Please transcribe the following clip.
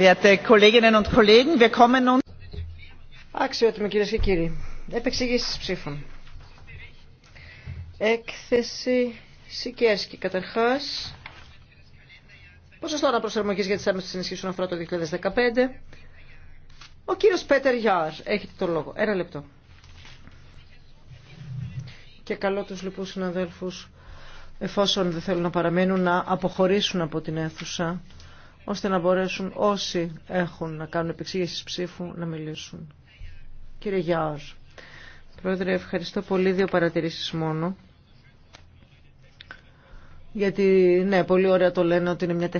Werte κυρίε και κύριοι, επεξηγήσει ψήφων. Έκθεση Σικέσκη. Καταρχά, ποσοστό αναπροσαρμογή για τι άμεσε ενισχύσει αφορά το 2015. Ο κύριο Πέτερ Γιάρ. Έχετε το λόγο. Ένα λεπτό. Και καλώ του λοιπόν συναδέλφου, εφόσον δεν θέλουν να παραμένουν να αποχωρήσουν από την αίθουσα ώστε να μπορέσουν όσοι έχουν να κάνουν επεξήγηση ψήφου να μιλήσουν. Κύριε Γιάος, Πρόεδρε, ευχαριστώ πολύ. Δύο παρατηρήσεις μόνο. Γιατί, ναι, πολύ ωραία το λένε ότι είναι μια